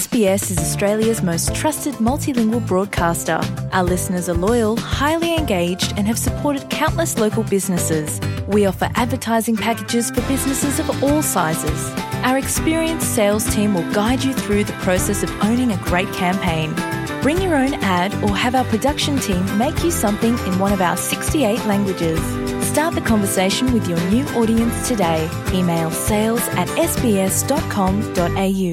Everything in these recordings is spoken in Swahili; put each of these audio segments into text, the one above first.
SBS is Australia's most trusted multilingual broadcaster. Our listeners are loyal, highly engaged, and have supported countless local businesses. We offer advertising packages for businesses of all sizes. Our experienced sales team will guide you through the process of owning a great campaign. Bring your own ad or have our production team make you something in one of our 68 languages. Start the conversation with your new audience today. Email sales at sbs.com.au.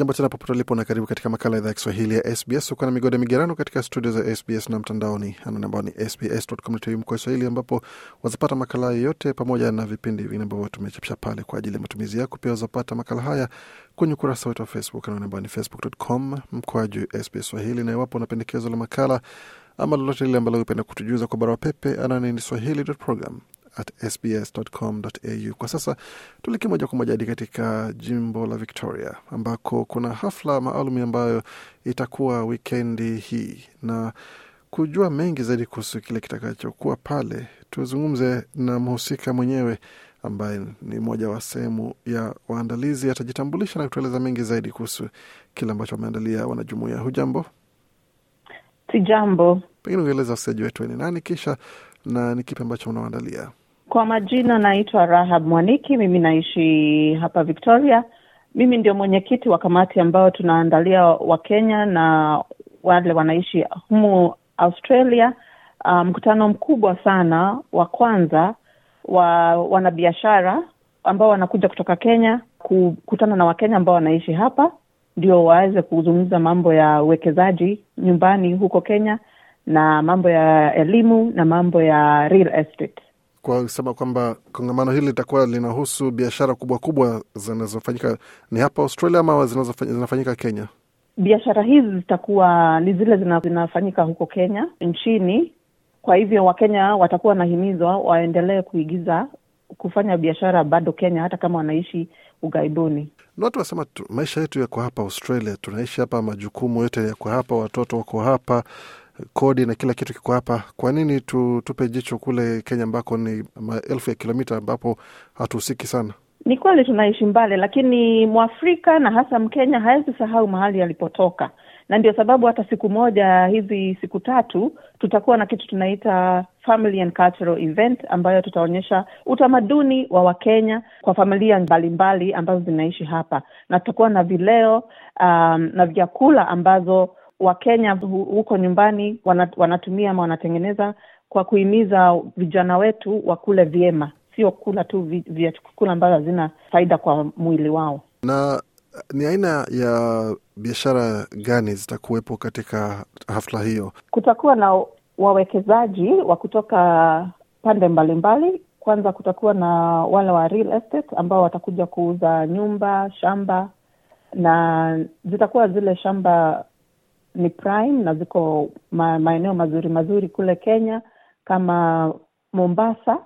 Jambo tena popote ulipo na karibu katika makala ya idhaa ya Kiswahili ya SBS. Uko na migode migerano katika studio za SBS na mtandaoni anani ambao ni sbs.com.au kwa Kiswahili, ambapo wazapata makala yoyote pamoja na vipindi vingine ambavyo tumechapisha pale kwa ajili ya matumizi yako. Pia wazapata makala haya kwenye ukurasa wetu wa Facebook anani ambao ni facebook.com mkwaju SBS Swahili, na iwapo una pendekezo la makala ama lolote lile ambalo upenda kutujuza kwa barua pepe, anani ni swahili.program at sbs.com.au. Kwa sasa tuleke moja kwa moja hadi katika jimbo la Victoria ambako kuna hafla maalum ambayo itakuwa wikendi hii, na kujua mengi zaidi kuhusu kile kitakachokuwa pale, tuzungumze na mhusika mwenyewe ambaye ni mmoja wa sehemu ya waandalizi. Atajitambulisha na kutueleza mengi zaidi kuhusu kile ambacho wameandalia wanajumuia. Hujambo? jambo. Pengine ungeeleza wasikilizaji wetu ni nani, kisha na ni kipi ambacho unaoandalia? Kwa majina naitwa Rahab Mwaniki, mimi naishi hapa Victoria. Mimi ndio mwenyekiti wa kamati ambayo tunaandalia Wakenya na wale wanaishi humu Australia ah, mkutano um, mkubwa sana wa kwanza wa wanabiashara ambao wanakuja kutoka Kenya kukutana na Wakenya ambao wanaishi hapa ndio waweze kuzungumza mambo ya uwekezaji nyumbani huko Kenya na mambo ya elimu na mambo ya real estate kusema kwamba kongamano hili litakuwa linahusu biashara kubwa kubwa zinazofanyika ni hapa Australia ama zinafanyika Kenya? Biashara hizi zitakuwa ni zile zinafanyika huko Kenya nchini. Kwa hivyo Wakenya watakuwa wanahimizwa waendelee kuigiza kufanya biashara bado Kenya, hata kama wanaishi ughaibuni. Na watu wasema maisha yetu yako hapa Australia, tunaishi hapa, majukumu yote yako hapa, watoto wako hapa kodi na kila kitu kiko hapa. Kwa nini tu, tupe jicho kule Kenya ambako ni maelfu ya kilomita ambapo hatuhusiki sana? Ni kweli tunaishi mbali, lakini mwafrika na hasa Mkenya hawezi sahau mahali alipotoka, na ndio sababu hata siku moja hizi siku tatu tutakuwa na kitu tunaita family and cultural event ambayo tutaonyesha utamaduni wa Wakenya kwa familia mbalimbali mbali ambazo zinaishi hapa, na tutakuwa na vileo um, na vyakula ambazo Wakenya huko nyumbani wanatumia ama wanatengeneza kwa kuhimiza vijana wetu wakule vyema, sio kula tu vyakula ambavyo hazina faida kwa mwili wao. Na ni aina ya biashara gani zitakuwepo katika hafla hiyo? Kutakuwa na wawekezaji wa kutoka pande mbalimbali mbali. Kwanza kutakuwa na wale wa real estate ambao watakuja kuuza nyumba, shamba na zitakuwa zile shamba ni prime na ziko ma, maeneo mazuri mazuri kule Kenya kama Mombasa,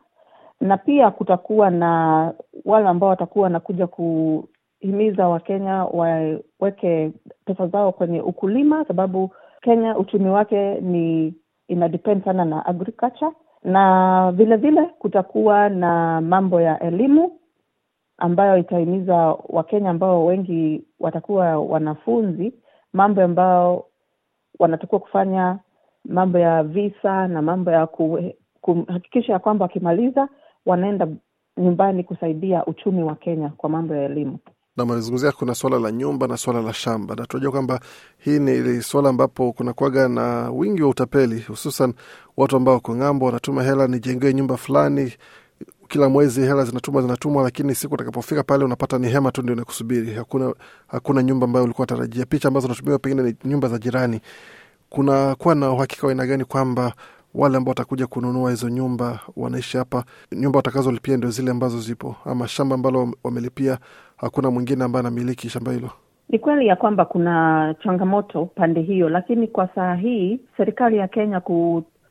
na pia kutakuwa na wale ambao watakuwa wanakuja kuhimiza Wakenya waweke pesa zao kwenye ukulima, sababu Kenya uchumi wake ni ina depend sana na agriculture, na vile vile kutakuwa na mambo ya elimu ambayo itahimiza Wakenya ambao wengi watakuwa wanafunzi, mambo ambayo wanatakiwa kufanya mambo ya visa na mambo ya kuhakikisha ya kwamba wakimaliza wanaenda nyumbani kusaidia uchumi wa Kenya kwa mambo ya elimu nam alizungumzia kuna swala la nyumba na swala la shamba, na tunajua kwamba hii ni swala ambapo kunakuaga na wingi wa utapeli, hususan watu ambao wako ng'ambo wanatuma hela, nijengee nyumba fulani, kila mwezi hela zinatumwa zinatumwa, lakini siku utakapofika pale unapata ni hema tu ndio inakusubiri. Hakuna, hakuna nyumba ambayo ulikuwa tarajia. Picha ambazo unatumiwa pengine ni nyumba za jirani. Kuna kuwa na uhakika wa aina gani kwamba wale ambao watakuja kununua hizo nyumba wanaishi hapa, nyumba watakazolipia ndio zile ambazo zipo, ama shamba ambalo wamelipia, hakuna mwingine ambaye anamiliki shamba hilo. Ni kweli ya kwamba kuna changamoto pande hiyo, lakini kwa saa hii serikali ya Kenya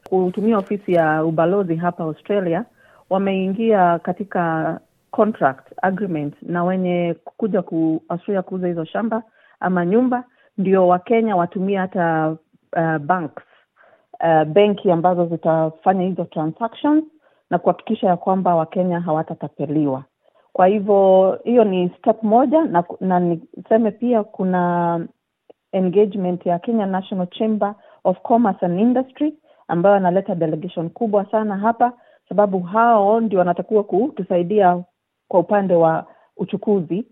kutumia ofisi ya ubalozi hapa Australia wameingia katika contract agreement na wenye kuja kuasuria kuuza hizo shamba ama nyumba, ndio Wakenya watumia hata uh, banks uh, benki ambazo zitafanya hizo transactions na kuhakikisha ya kwamba Wakenya hawatatapeliwa. Kwa hivyo hiyo ni step moja, na, na niseme pia kuna engagement ya Kenya National Chamber of Commerce and Industry ambayo analeta delegation kubwa sana hapa sababu hao ndio wanatakiwa kutusaidia kwa upande wa uchukuzi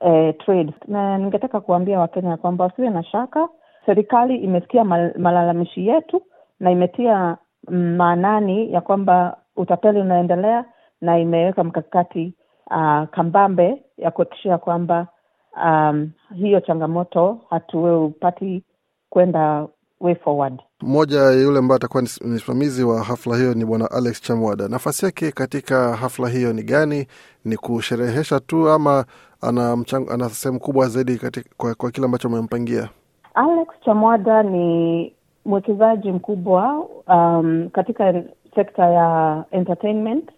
eh, trade. Na ningetaka kuambia Wakenya kwamba wasiwe na shaka, serikali imesikia mal malalamishi yetu na imetia mm, maanani ya kwamba utapeli unaendelea na imeweka mkakati uh, kambambe ya kuakikishia kwamba um, hiyo changamoto hatuupati kwenda way forward. Mmoja yule ambaye atakuwa ni msimamizi wa hafla hiyo ni bwana Alex Chamwada. Nafasi yake katika hafla hiyo ni gani? Ni kusherehesha tu ama ana, mchango, ana sehemu kubwa zaidi katika, kwa, kwa kile ambacho amempangia? Alex Chamwada ni mwekezaji mkubwa um, katika sekta ya entertainment.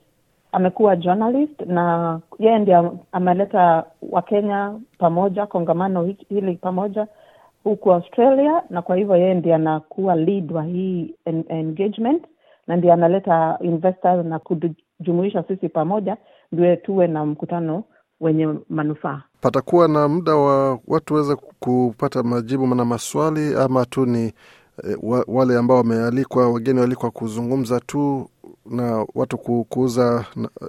Amekuwa journalist na yeye ndiye ameleta Wakenya pamoja kongamano hili pamoja huku Australia, na kwa hivyo yeye ndi anakuwa lead wa hii en engagement na ndi analeta investors na kujumuisha sisi pamoja, ndiwe tuwe na mkutano wenye manufaa. Patakuwa na muda wa watu waweze kupata majibu na maswali ama tu ni e, wale ambao wamealikwa, wageni walikwa kuzungumza tu na watu kuuza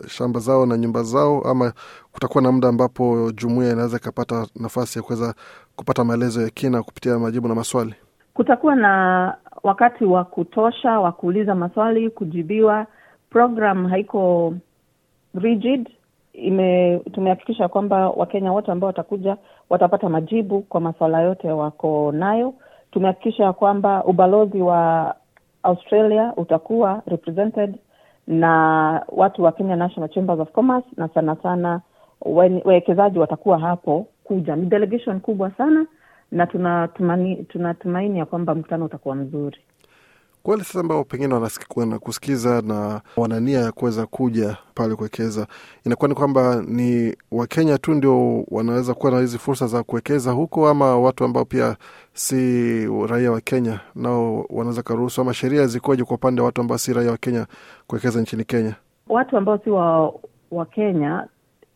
shamba zao na nyumba zao, ama kutakuwa na muda ambapo jumuia inaweza ikapata nafasi ya kuweza kupata maelezo ya kina kupitia majibu na maswali? Kutakuwa na wakati wa kutosha wa kuuliza maswali, kujibiwa. Program haiko rigid, ime tumehakikisha kwamba Wakenya wote ambao watakuja watapata majibu kwa maswala yote wako nayo. Tumehakikisha kwamba ubalozi wa Australia utakuwa represented na watu wa Kenya National Chambers of Commerce, na sana sana wawekezaji watakuwa hapo kuja. Ni delegation kubwa sana na tunatumaini tuna ya kwamba mkutano utakuwa mzuri. Kwa wale sasa ambao pengine wanakusikiza na wanania ya kuweza kuja pale kuwekeza, inakuwa ni kwamba ni Wakenya tu ndio wanaweza kuwa na hizi fursa za kuwekeza huko, ama watu ambao pia si raia wa Kenya nao wanaweza karuhusu, ama sheria zikoje kwa upande wa watu ambao si raia wa Kenya kuwekeza nchini Kenya? Watu ambao si wa, wa Kenya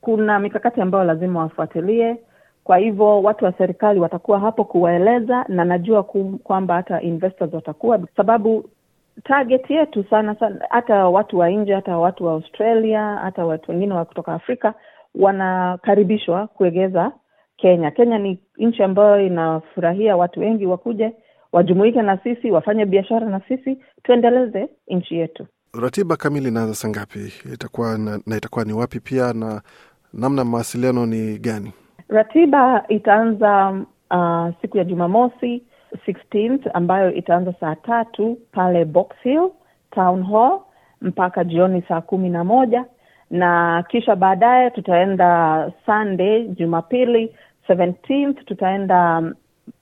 kuna mikakati ambayo lazima wafuatilie kwa hivyo watu wa serikali watakuwa hapo kuwaeleza, na najua kwamba hata investors watakuwa, sababu target yetu sana sana, hata watu wa nje, hata watu wa Australia, hata watu wengine wa kutoka Afrika wanakaribishwa kuegeza Kenya. Kenya ni nchi ambayo inafurahia watu wengi wakuje wajumuike na sisi, wafanye biashara na sisi, tuendeleze nchi yetu. Ratiba kamili inaanza saa ngapi itakuwa na, na itakuwa ni wapi pia na namna mawasiliano ni gani? Ratiba itaanza uh, siku ya Jumamosi 16th ambayo itaanza saa tatu pale Box Hill Town Hall mpaka jioni saa kumi na moja na kisha baadaye tutaenda Sunday Jumapili 17th tutaenda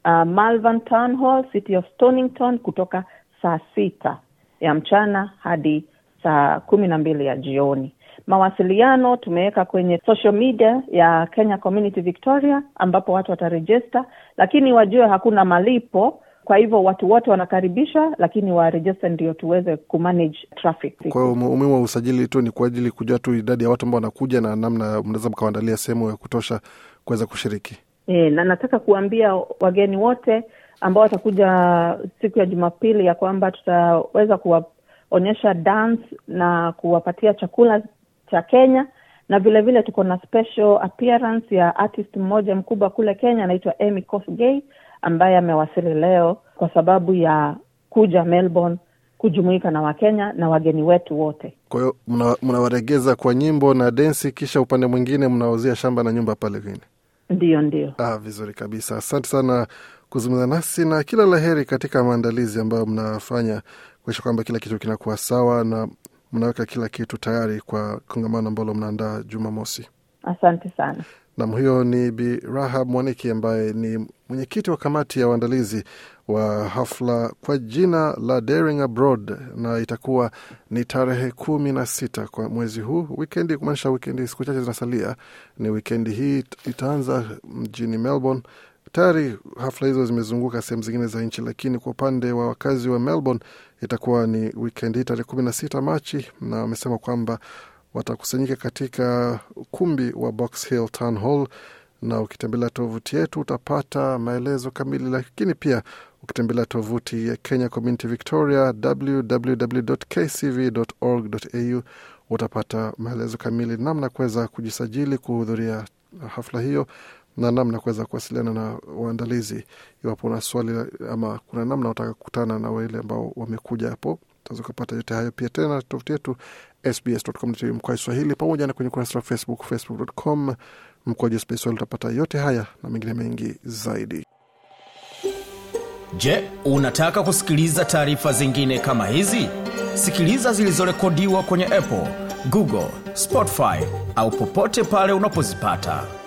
uh, Malvern Town Hall City of Stonington kutoka saa sita ya mchana hadi saa kumi na mbili ya jioni. Mawasiliano tumeweka kwenye social media ya Kenya Community Victoria, ambapo watu watarejista, lakini wajue hakuna malipo. Kwa hivyo watu wote wanakaribishwa, lakini warejista ndio tuweze kumanage traffic. Kwa hiyo umuhimu wa usajili tu ni kwa ajili kujua tu idadi ya watu ambao wanakuja na namna mnaweza mkawaandalia sehemu ya kutosha kuweza kushiriki. E, na nataka kuambia wageni wote ambao watakuja siku ya Jumapili ya kwamba tutaweza kuwa onyesha dance na kuwapatia chakula cha Kenya na vile vile tuko na special appearance ya artist mmoja mkubwa kule Kenya anaitwa Amy ambaye amewasili leo kwa sababu ya kuja Melbourne kujumuika na Wakenya na wageni wetu wote. Kwa hiyo mnawaregeza kwa nyimbo na densi, kisha upande mwingine mnawauzia shamba na nyumba pale vile. Ndio, ndio. Ah, vizuri kabisa. Asante sana kuzungumza nasi na kila la heri katika maandalizi ambayo mnafanya kuakisha kwamba kila kitu kinakuwa sawa na mnaweka kila kitu tayari kwa kongamano ambalo mnaandaa Jumamosi. Asante sana. Nam, huyo ni Bi Rahab Mwaniki ambaye ni mwenyekiti wa kamati ya waandalizi wa hafla kwa jina la Daring Abroad, na itakuwa ni tarehe kumi na sita kwa mwezi huu, wikendi, kumaanisha wikendi, siku chache zinasalia, ni wikendi hii itaanza mjini Melbourne Tayari hafla hizo zimezunguka sehemu zingine za nchi, lakini kwa upande wa wakazi wa Melbourne itakuwa ni wikendi hii tarehe kumi na sita Machi, na wamesema kwamba watakusanyika katika ukumbi wa Box Hill Town Hall, na ukitembelea tovuti yetu utapata maelezo kamili, lakini pia ukitembelea tovuti ya Kenya Community Victoria www.kcv.org.au utapata maelezo kamili namna kuweza kujisajili kuhudhuria hafla hiyo na namna kuweza kuwasiliana na waandalizi iwapo una swali ama kuna namna wataka kukutana na wale ambao wamekuja hapo utaweza ukapata yote hayo pia tena tofuti yetu sbs.com.au Swahili pamoja na kwenye ukurasa wa Facebook facebook.com mkoaji space utapata yote haya na mengine mengi zaidi. Je, unataka kusikiliza taarifa zingine kama hizi? Sikiliza zilizorekodiwa kwenye Apple, Google, Spotify au popote pale unapozipata.